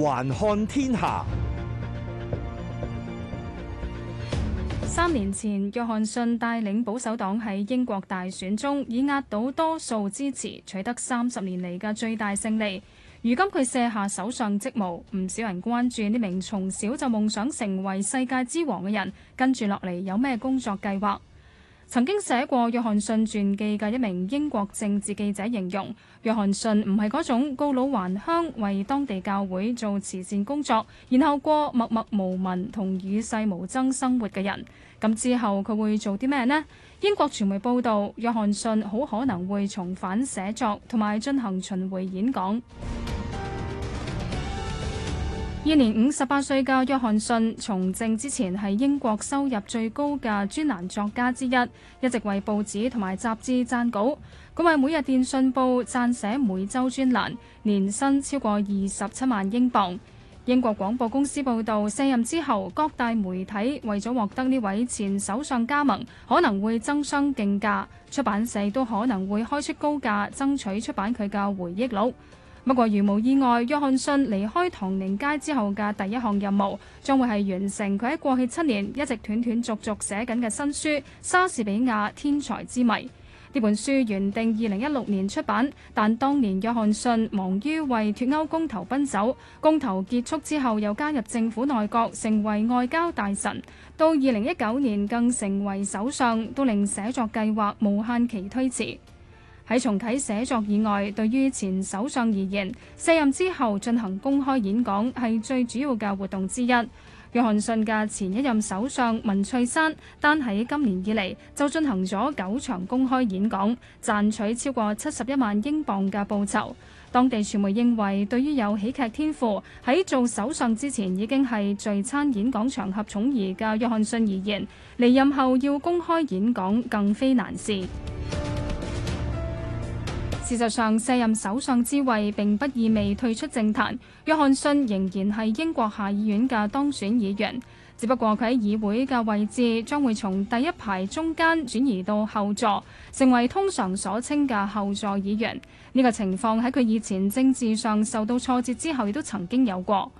環看天下。三年前，約翰遜帶領保守黨喺英國大選中，以壓倒多數支持取得三十年嚟嘅最大勝利。如今佢卸下首相職務，唔少人關注呢名從小就夢想成為世界之王嘅人，跟住落嚟有咩工作計劃。曾經寫過約翰遜傳記嘅一名英國政治記者形容，約翰遜唔係嗰種告老還鄉，為當地教會做慈善工作，然後過默默無聞同與世無爭生活嘅人。咁之後佢會做啲咩呢？英國傳媒報道，約翰遜好可能會重返寫作同埋進行巡迴演講。現年五十八歲嘅約翰遜，從政之前係英國收入最高嘅專欄作家之一，一直為報紙同埋雜誌撰稿。佢為每日電訊報撰寫每週專欄，年薪超過二十七萬英鎊。英國廣播公司報道，卸任之後，各大媒體為咗獲得呢位前首相加盟，可能會爭相競價，出版社都可能會開出高價爭取出版佢嘅回憶錄。不過，如無意外，約翰遜離開唐寧街之後嘅第一項任務，將會係完成佢喺過去七年一直斷斷續續寫緊嘅新書《莎士比亞天才之謎》。呢本書原定2016年出版，但當年約翰遜忙於為脱歐公投奔走，公投結束之後又加入政府內閣，成為外交大臣，到2019年更成為首相，都令寫作計劃無限期推遲。喺重啟寫作以外，對於前首相而言，卸任之後進行公開演講係最主要嘅活動之一。約翰遜嘅前一任首相文翠珊，單喺今年以嚟就進行咗九場公開演講，賺取超過七十一萬英鎊嘅報酬。當地傳媒認為，對於有喜劇天賦喺做首相之前已經係聚餐演講場合寵兒嘅約翰遜而言，離任後要公開演講更非難事。事實上，卸任首相之位並不意味退出政壇，約翰遜仍然係英國下議院嘅當選議員。只不過佢喺議會嘅位置將會從第一排中間轉移到後座，成為通常所稱嘅後座議員。呢個情況喺佢以前政治上受到挫折之後，亦都曾經有過。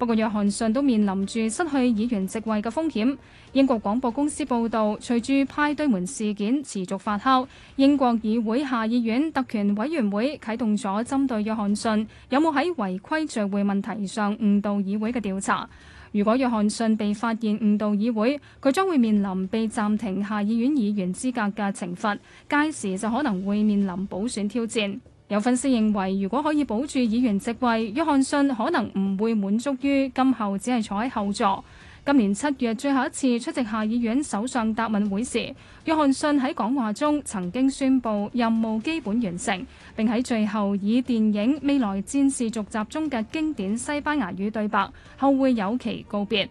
不過約翰遜都面臨住失去議員席位嘅風險。英國廣播公司報道，隨住派對門事件持續發酵，英國議會下議院特權委員會啟動咗針對約翰遜有冇喺違規聚會問題上誤導議會嘅調查。如果約翰遜被發現誤導議會，佢將會面臨被暫停下議院議員資格嘅懲罰，屆時就可能會面臨補選挑戰。有分析認為，如果可以保住議員席位，約翰遜可能唔會滿足於今後只係坐喺後座。今年七月最後一次出席下議院首相答問會時，約翰遜喺講話中曾經宣布任務基本完成，並喺最後以電影《未來戰士》續集中嘅經典西班牙語對白，後會有期告別。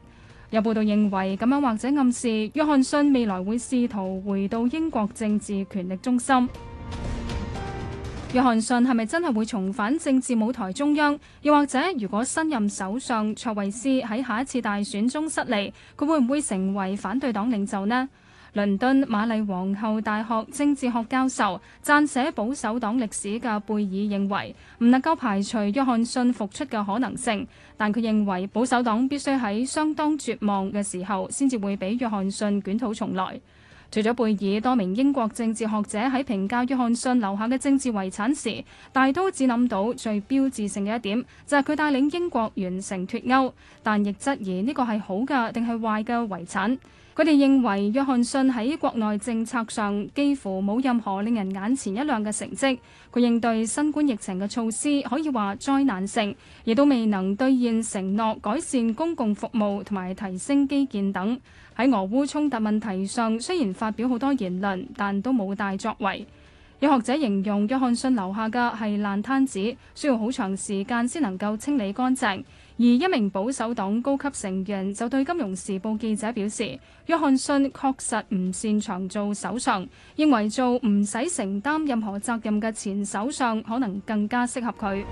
有報道認為，咁樣或者暗示約翰遜未來會試圖回到英國政治權力中心。約翰遜係咪真係會重返政治舞台中央？又或者，如果新任首相卓慧思喺下一次大選中失利，佢會唔會成為反對黨領袖呢？倫敦瑪麗皇后大學政治學教授、撰寫保守黨歷史嘅貝爾認為，唔能夠排除約翰遜復出嘅可能性，但佢認為保守黨必須喺相當絕望嘅時候，先至會俾約翰遜捲土重來。除咗貝爾，多名英國政治學者喺評價約翰遜留下嘅政治遺產時，大都只諗到最標誌性嘅一點，就係佢帶領英國完成脫歐，但亦質疑呢個係好嘅定係壞嘅遺產。佢哋認為，約翰遜喺國內政策上幾乎冇任何令人眼前一亮嘅成績。佢應對新冠疫情嘅措施可以話災難性，亦都未能兌現承諾改善公共服務同埋提升基建等。喺俄烏衝突問題上，雖然發表好多言論，但都冇大作為。有學者形容約翰遜留下嘅係爛攤子，需要好長時間先能夠清理乾淨。而一名保守黨高級成員就對《金融時報》記者表示，約翰遜確實唔擅長做首相，認為做唔使承擔任何責任嘅前首相可能更加適合佢。